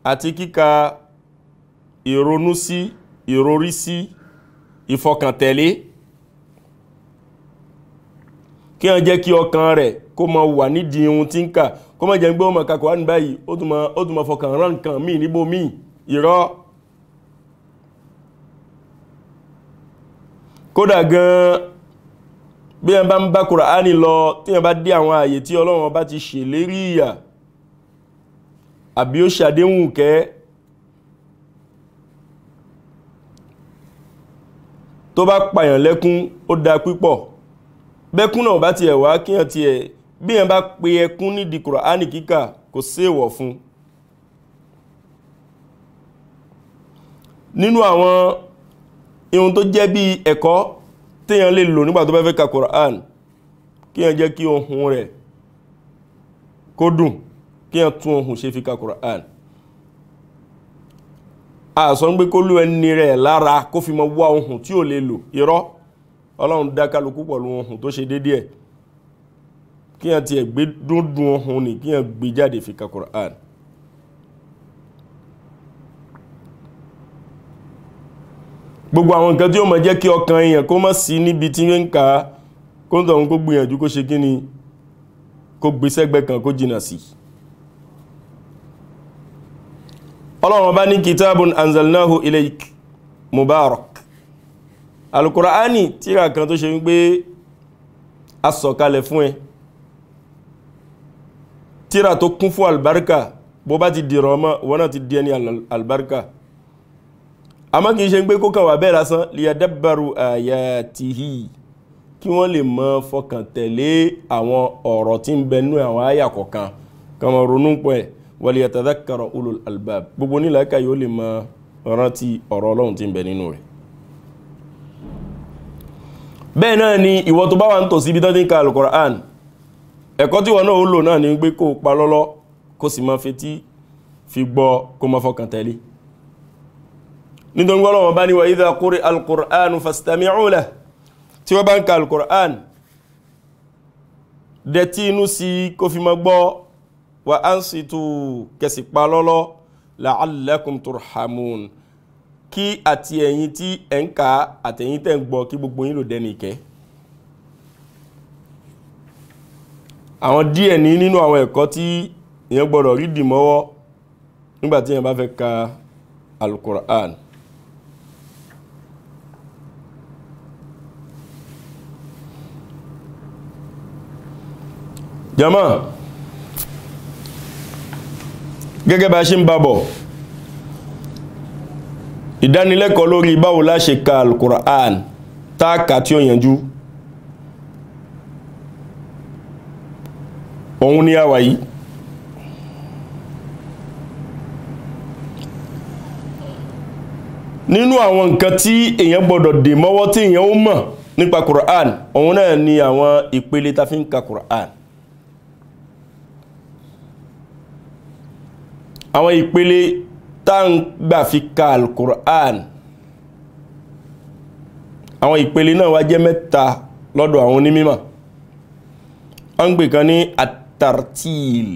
Speaker 1: àti kíka ìrònú sí ìrorí sí ìfọkàntẹ̀lé kí wọ́n jẹ́ kí ọkàn rẹ̀ kó mọ wà nídìí ohun tí ń kà kó mọ jẹ́ ń gbé ọmọ kakọ̀ wá ní báyìí ó kódà gan bí yẹn bá ń bá kùránì lọ tí yẹn bá dé àwọn àyè tí ọlọ́run bá ti ṣèlérí ìyà àbí ó ṣàdéhùn kẹ́ tó bá pààyàn lẹ́kún ó da pípọ̀ bẹ́kún náà bá tiẹ̀ wá kíyàn tiẹ̀ bí yẹn bá pe ẹkún nídìí kùránì kíkà kò séèwọ̀ fún nínú àwọn ihun tó jẹ́ bí ẹ̀kọ́ téèyàn lè lò nígbà tó bá fẹ́ ka Quran kíyàn jẹ́ kí ohun rẹ̀ kó dùn kíyàn tún ohun ṣe fi ka Quran àsọ ń gbé kó lú ẹni rẹ̀ lára kó fi mọ wá ohun tí ò lè lò irọ́ ọlọ́run dá pọ̀lú ohun tó ṣe déédé ẹ̀ kíyàn tiẹ̀ gbé dúndún ohun ni kíyàn gbé jáde fi ka Quran gbogbo àwọn nǹkan tí ó máa jẹ́ kí ọkàn èèyàn kó má sí níbi tí ń kà á kó ń tọ̀hún kó gbìyànjú kó ṣe kíni kó gbé sẹ́gbẹ́ kan kó jìnà sí ọlọ́run bá ní kitabun anzalnahu ilayk mubarak alukura'ani tírà kan tó ṣe wípé a sọ̀kalẹ̀ fún ẹ tírà tó kún fún albarka bó bá ti dìrọ̀ ọmọ wọ́n náà ti di ẹni albarka al àmọ́ kìí ṣe pé kó kàn wà bẹ́ẹ̀ lásán liyadabbaru ayatihi kí wọ́n lè mọ fọkàn tẹ̀lé àwọn ọ̀rọ̀ tí ń bẹnú àwọn àyà kọ̀ọ̀kan kàn ronú pọ̀ ẹ̀ waliyatadhakkara ulul albab gbogbo nílàákà yóò lè mọ rántí ọ̀rọ̀ ọlọ́run tí ń bẹ nínú rẹ̀ bẹ́ẹ̀ náà ni ìwọ tó bá wà ń tò sí tó ti ń ka alukoran ẹ̀kọ́ tí wọ́n náà ó lò náà ni pé kó pa lọ́lọ́ kó sì máa fetí fi gbọ́ kó máa fọkàn tẹ̀lé nítorí Ọlọ́run bá ní wa idha quri'a al-Qur'anu fastami'u lahu tí wọ́n bá ń ka al-Qur'an dẹ̀tí inú sí kó fi mọ́ gbọ́ wa ansitu kẹsì pa lọ́lọ́ la'allakum turhamun kí àti ẹ̀yin tí ẹ̀ ń ka àtẹ̀yin tẹ̀ ń gbọ́ kí gbogbo yín ló dẹ́ni ìkẹ́ àwọn díẹ̀ ní nínú àwọn ẹ̀kọ́ tí èèyàn gbọ́dọ̀ rí dìmọ́wọ́ nígbàtí èèyàn bá fẹ́ ka al jama gẹ́gẹ́ bá ṣe ń babọ̀ ìdánilẹ́kọ̀ọ́ lórí báwo la ka al-Qur'an táàkà tí ó yanjú òun ni àwà yìí nínú àwọn nǹkan tí èèyàn gbọ́dọ̀ dè mọ́wọ́ tí èèyàn ó mọ̀ nípa Qur'an òun náà ni àwọn ìpele ta fi ń ka Qur'an àwọn ìpele tá ń gbà fi ka alukur'an àwọn ìpele náà wá jẹ́ mẹ́ta lọ́dọ̀ àwọn onímímọ̀ a pè kan ní atartil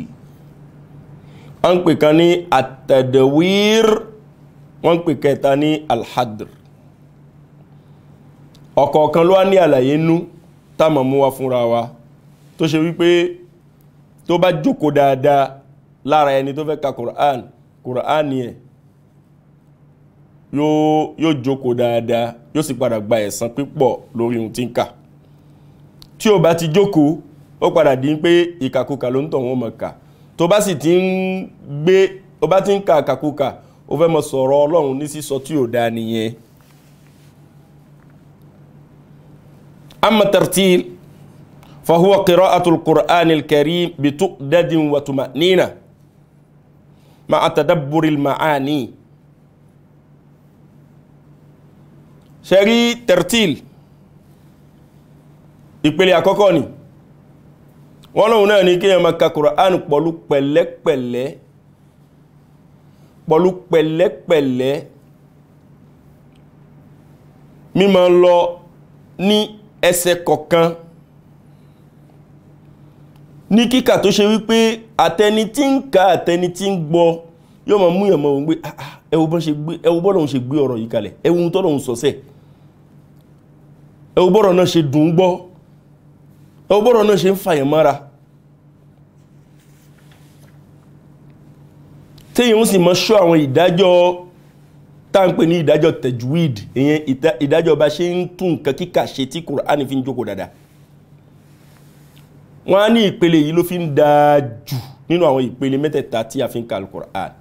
Speaker 1: a ń pè kan ní atadawir wọ́n pè kẹta ní alhadr ọ̀kọ̀ọ̀kan ló wá ní àlàyé nú táàmà mú wa fúnra wa tó ṣe wípé tó bá jókòó dáadáa lára ẹni tó fẹ́ ka Qur'an Qur'an yẹ yóò yóò jókòó dáadáa yóò sì padà gba ẹ̀san pípọ̀ lórí ohun tí ń kà tí o bá ti jókòó ó padà dín pé ìkàkùkà ló ń tọ̀ wọ́n mọ̀ kà tó bá sì ti ń gbé ó bá ti ń ka ìkàkùkà ó fẹ́ mọ sọ̀rọ̀ Ọlọ́run ní sísọ tí ò dáa nìyẹn amma tartil fahuwa qira'atul qur'anil karim bi tuqdadin wa tuma'nina مع تدبر المعاني ṣẹ́rí tertil ìpele àkọ́kọ́ ni wọ́n lóhun náà ní kíyàn máa ka Kùránì pọ̀lú pẹ̀lẹ́pẹ̀lẹ́ pọ̀lú pẹ̀lẹ́pẹ̀lẹ́ mímọ̀ lọ ní ẹsẹ̀ kọ̀kan ní kíkà tó ṣe wípé àtẹni tí ń ka àtẹni tí ń gbọ́ yóò máa mú ìyàmọ̀ òun pé ẹwù bọ́lọ̀ ń ṣe gbé ọ̀rọ̀ yìí kalẹ̀ ẹwù tọ́lọ̀ ń sọ́sẹ̀ ẹwù bọ́rọ̀ náà ṣe dùn gbọ́ ẹwù bọ́rọ̀ náà ṣe ń fàyàn mára téyìn ó sì mọ́ ṣọ́ àwọn ìdájọ́ táǹpẹ̀ ní ìdájọ́ tajwid ìyẹn ìdájọ́ bá ṣe ń tún nǹkan kíkà ṣe tí Kùránì fi ń jókòó dáadáa wọ́n á ní ìpele yìí ló fi ń dáa jù nínú àwọn ìpele mẹ́tẹ̀ẹ̀ta tí a fi ń ka alukur'an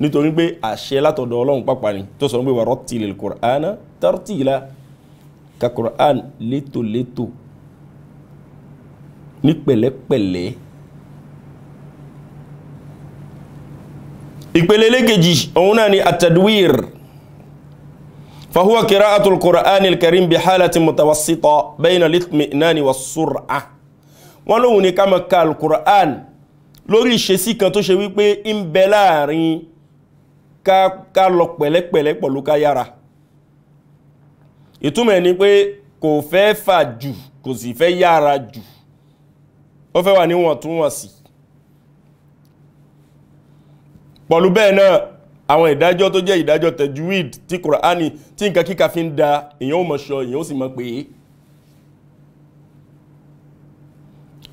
Speaker 1: nítorí pé àṣẹ látọ̀dọ̀ ọlọ́run pàpà ni tó sọ pé warattil al-Qur'ana tartila ka Qur'an létòlétò ní pẹ̀lẹ́pẹ̀lẹ́ ìpele lẹ́kejì òun náà ni at-tadwir fa huwa qira'atul Qur'anil karim bi halatin mutawassita bayna al-itmi'nani was-sur'ah wọ́n lóhun ni ká máa ka alukur'an lórí ìṣesí kan tó ṣe wípé ń bẹ láàrin ká lọ pẹ̀lẹ́pẹ̀lẹ́ pẹ̀lú ká yára ìtumọ̀ ni pé kò fẹ́ fà jù kò sì fẹ́ yára jù ó fẹ́ wà níwọ̀ntúnwọ̀nsì pọ̀lú bẹ́ẹ̀ náà àwọn ìdájọ́ tó jẹ́ ìdájọ́ tajwid tí kùránì tí nǹkan kíkà fi ń da èyàn ó mọ̀ ṣọ èyàn sì mọ̀ pé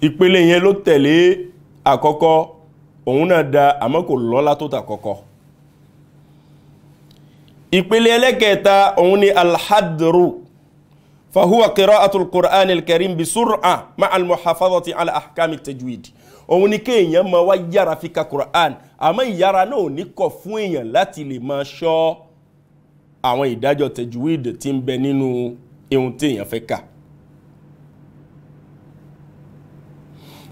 Speaker 1: ìpele yẹn ló tẹ̀lé àkọ́kọ́ òun náà da àmọ́ kò lọ́lá tó tàkọ́kọ́ ìpele ẹlẹ́kẹta òun ni alhadru fahuwa qira'atul qur'an al-karim bi sur'a ma'a al-muhafazati ala ahkam at-tajwid òun ni kéèyàn máa wá yára fi ka qur'an àmọ́ ìyára náà ní kọ̀ fún èèyàn láti lè máa ṣọ́ àwọn ìdájọ́ tajwid tí ń bẹ nínú ohun téèyàn fẹ́ kà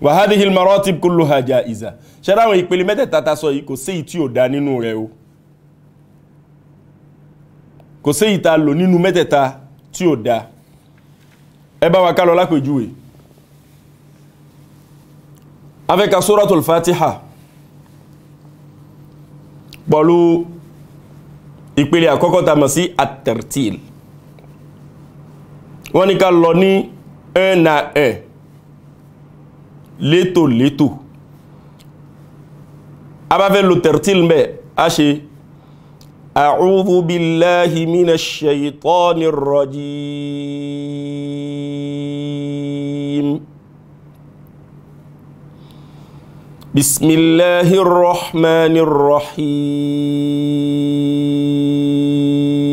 Speaker 1: wàhádìí hilmarotib kò ló hajjá ìzà ṣẹ́rá àwọn ìpele mẹ́tẹ̀ẹ̀ta ta sọ yìí kò sí ìtí ò dá nínú rẹ̀ o kò sí ìta lò nínú mẹ́tẹ̀ẹ̀ta tí ò dá ẹ bá wa ká lọ lápèjúwe afẹ́ka sóràtò fatiha pọ̀lú ìpele àkọ́kọ́ ta mọ̀ sí at-tartil wọ́n ní ká lọ ní ẹ̀ na ẹ̀ eh létòlétò a bá fẹ́ lo tertil mẹ́ a ṣe a'udhu billahi minash shaytanir rajim bismillahir rahmanir rahim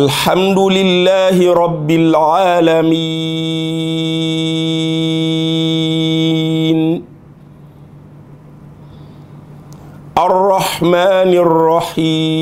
Speaker 1: الحمد لله رب العالمين الرحمن الرحيم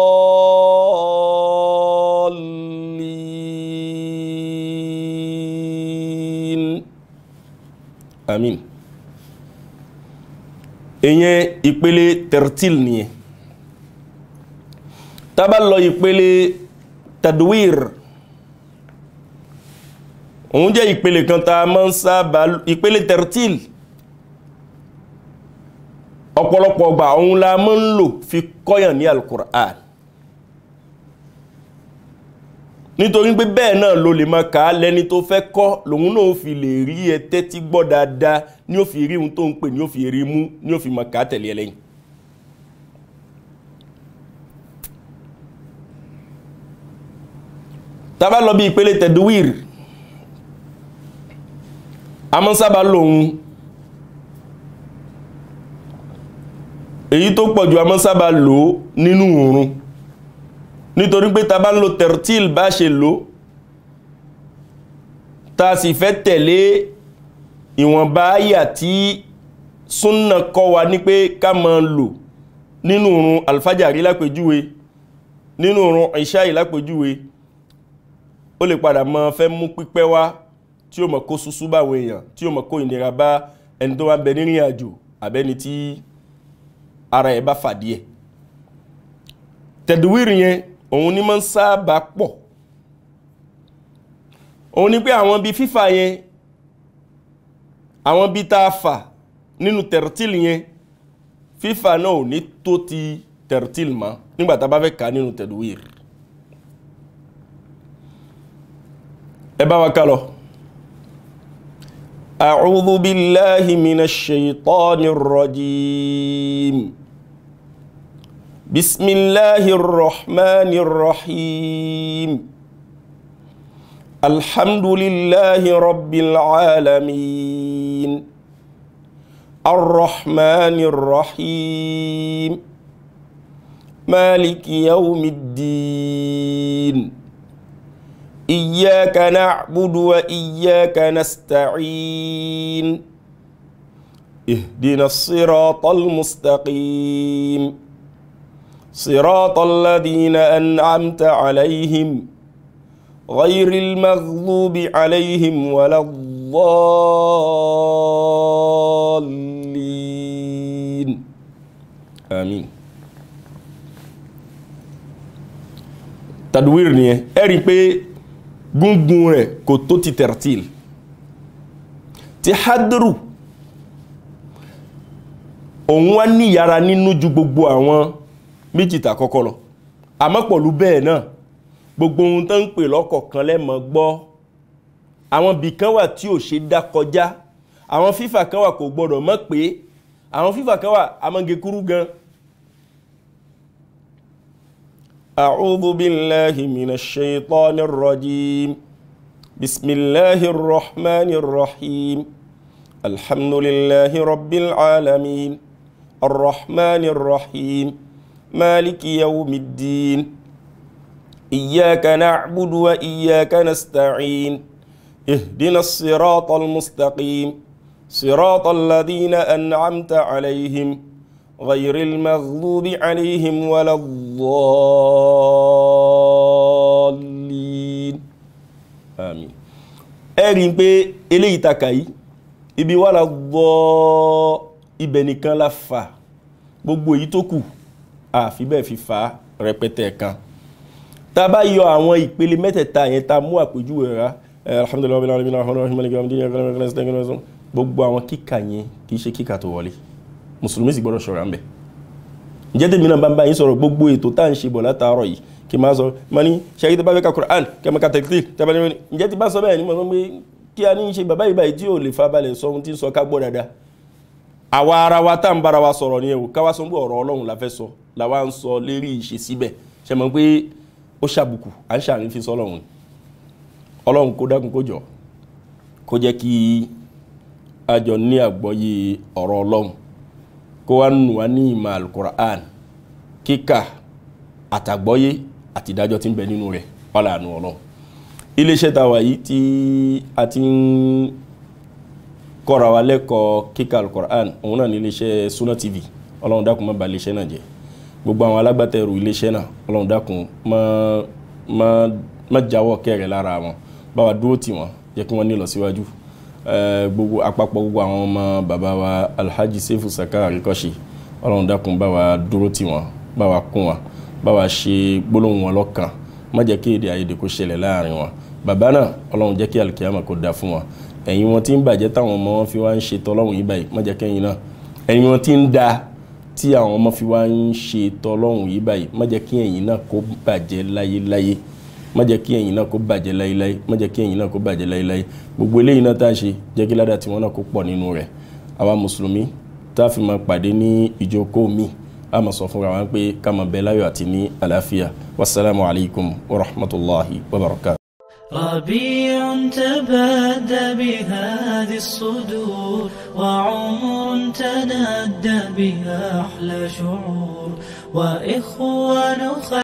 Speaker 1: amin ìyẹn ìpele tertil nìyẹn tá bá lọ ìpele tadwir òun jẹ́ ìpele kan tá máa ń sábà ìpele tertil ọ̀pọ̀lọpọ̀ ọgbà òun la máa ń lò fi kọ́yàn ní al-Qur'an nítorí pé bẹ́ẹ̀ náà ló lè máa kà á lẹ́ni tó fẹ́ kọ́ lòun náà ó fi lè rí ẹ tẹ́tí gbọ́ dáadáa ní ó fi rí ohun tó ń pè ní ó rí mú ní ó máa kà á tẹ̀lé ẹlẹ́yìn. tá lọ bí ìpele tẹ̀dúwìr a lòun èyí tó pọ̀jù a mọ́ lò nínú òórùn nítorí pé ta bá lo tertil bá ṣe lò ta sì fẹ́ tẹ̀lé ìwọ̀nba àyà tí súnnà kọ́ wa ní pé ká máa lò nínú òrùn alfajari lápèjúwe nínú òrùn ìṣáì lápèjúwe ó lè padà máa fẹ́ mú pípẹ́ wá tí ó mọ̀ kó súsú báwọn èèyàn tí ó mọ̀ kó ìnira bá ẹni tó wá bẹ nírìn àjò àbẹ́ni tí ara ẹ̀ bá fàdí ẹ̀ tẹ̀dùwírì yẹn òun ni máa ń sábà pọ̀ òun ni pé àwọn bí fífà yẹn àwọn bí tá fà nínú tẹ̀rẹ̀tìlì yẹn fífà náà ò ní tó ti tẹ̀rẹ̀tìlì mọ́ nígbà bá fẹ́ kà nínú tẹ̀dúwìrì ẹ bá wa ká lọ. أعوذ بالله من الشيطان الرجيم بسم الله الرحمن الرحيم الحمد لله رب العالمين الرحمن الرحيم مالك يوم الدين إياك نعبد وإياك نستعين اهدنا الصراط المستقيم صراط الذين أنعمت عليهم غير المغضوب عليهم ولا الضالين آمين tadwir ni ẹ ẹ rí i pé gúngun rẹ̀ kò tó ti tẹ̀rẹ̀tìl ti hadru òun wá níyàrá nínú ju gbogbo àwọn méjì tà kọ́kọ́ lọ àmọ́ pọ̀lú bẹ́ẹ̀ náà gbogbo ohun tó ń pè lọ́kọ̀ọ̀kan lẹ́mọ̀ gbọ́ àwọn bì kan wà tí ò ṣe dá kọjá àwọn fífà kan wà kò gbọ́dọ̀ mọ̀ pé àwọn fífà kan wà amọ́gekúrú gan. a'udhu billahi minash shaytanir rajim bismillahir rahmanir rahim alhamdulillahi rabbil alamin arrahmanir rahim. مالك يوم الدين إياك نعبد وإياك نستعين اهدنا الصراط المستقيم صراط الذين أنعمت عليهم غير المغضوب عليهم ولا الضالين آمين أرين بي إلي تكاي إبي ولا wà إبني كان لفا la fà àfi bẹ́ẹ̀ fi fa rẹpẹtẹ kan tá a bá yọ àwọn ìpele mẹ́tẹ̀ẹ̀ta yẹn tá a mú àpèjúwe ra alhamdulilayi wa rahmatulahi wa rahmatulahi wa rahmatulahi wa gbogbo àwọn kíkà yẹn kì í ṣe kíkà tó wọlé mùsùlùmí sì gbọ́dọ̀ ṣọ́ra ń bẹ̀ ǹjẹ́ tèmi náà bá yín sọ̀rọ̀ gbogbo ètò tá ń ṣe bọ̀ látàárọ̀ yìí kì máa sọ ma ní ṣẹ́yí tó bá fẹ́ ka Quran kẹmọ ka tẹ̀kítì tẹ́bà nínú ǹjẹ́ ti bá sọ bẹ́ẹ̀ ni mo sọ pé kí a ní ṣe bàbá ìbá yìí tí ò lè fabalẹ̀ sọ ohun tí ń sọ ká gbọ́ dáadáa àwa ara wa tá ń bára wa sọ̀rọ̀ ni ẹ̀wò káwa sọ pé ọ̀rọ̀ Ọlọ́run la fẹ́ sọ làwa ń sọ lérí ìṣe síbẹ̀ ṣe mọ̀ pé ó ṣàbùkù à ń ṣàrin fi sọ́lọ́run ọlọ́run kó dákun kó jọ kó jẹ́ kí a jọ ní àgbọ́yé ọ̀rọ̀ ọlọ́run kó wá nù wá ní ìmọ̀ alukur'an kíkà àtàgbọ́yé àti ìdájọ́ tí ń bẹ nínú rẹ̀ wàhálà ọlọ́run iléeṣẹ́ tàwa yìí tí a ti ń kọ́ra wa lẹ́kọ̀ọ́ kíkà alukur'an òun náà ní iléeṣẹ́ Sunna TV ọlọ́run dákun má bà iléeṣẹ́ náà jẹ́ gbogbo àwọn alágbàtẹrù iléeṣẹ́ náà ọlọ́run dákun má má má jáwọ́ kẹrẹ̀ lára wọn bá wa dúró tì wọ́n jẹ́ kí wọ́n ní ìlọsíwájú gbogbo àpapọ̀ gbogbo àwọn ọmọ bàbá wa alhaji sefu saka àríkọ́ṣe ọlọ́run dákun bá wa dúró tì wọ́n bá wa kún wọn bá wa ṣe gbólóhùn wọn lọ́kàn má jẹ́ kí èdè àìyedè kó ṣẹlẹ̀ láàrin wọn bàbá náà ọlọ́run jẹ́ kí alikiyama kó da fún wọn ẹ̀yin wọn tí ń bàjẹ́ táwọn ọmọ wọn fi wá ń ṣe tọ́lọ́hùn yìí báyìí má jẹ́ kẹ́yìn náà ẹ̀yin wọn tí ń da tí àwọn ọmọ fi wá ń ṣe tọlọ́hún yìí báyìí má jẹ́ kí ẹ̀yìn náà kó bàjẹ́ láyéláyé má jẹ́ kí ẹ̀yìn náà kó bàjẹ́ láyéláyé má jẹ́ kí ẹ̀yìn náà kó bàjẹ́ láyéláyé gbogbo eléyìí náà tá à ń ṣe jẹ́ kí ládàá tiwọn náà kó pọ̀ nínú rẹ̀ àwa mùsùlùmí tá a fi máa pàdé ní ìjókòó mi a máa sọ fúnra wa pé ká máa bẹ láyọ̀ àti ní àlàáfíà wasalaamu alaykum wa rahmatulahi wa barakatuh. ربيع تبادى بهذه الصدور وعمر تنادى بها أحلى شعور وإخوان خير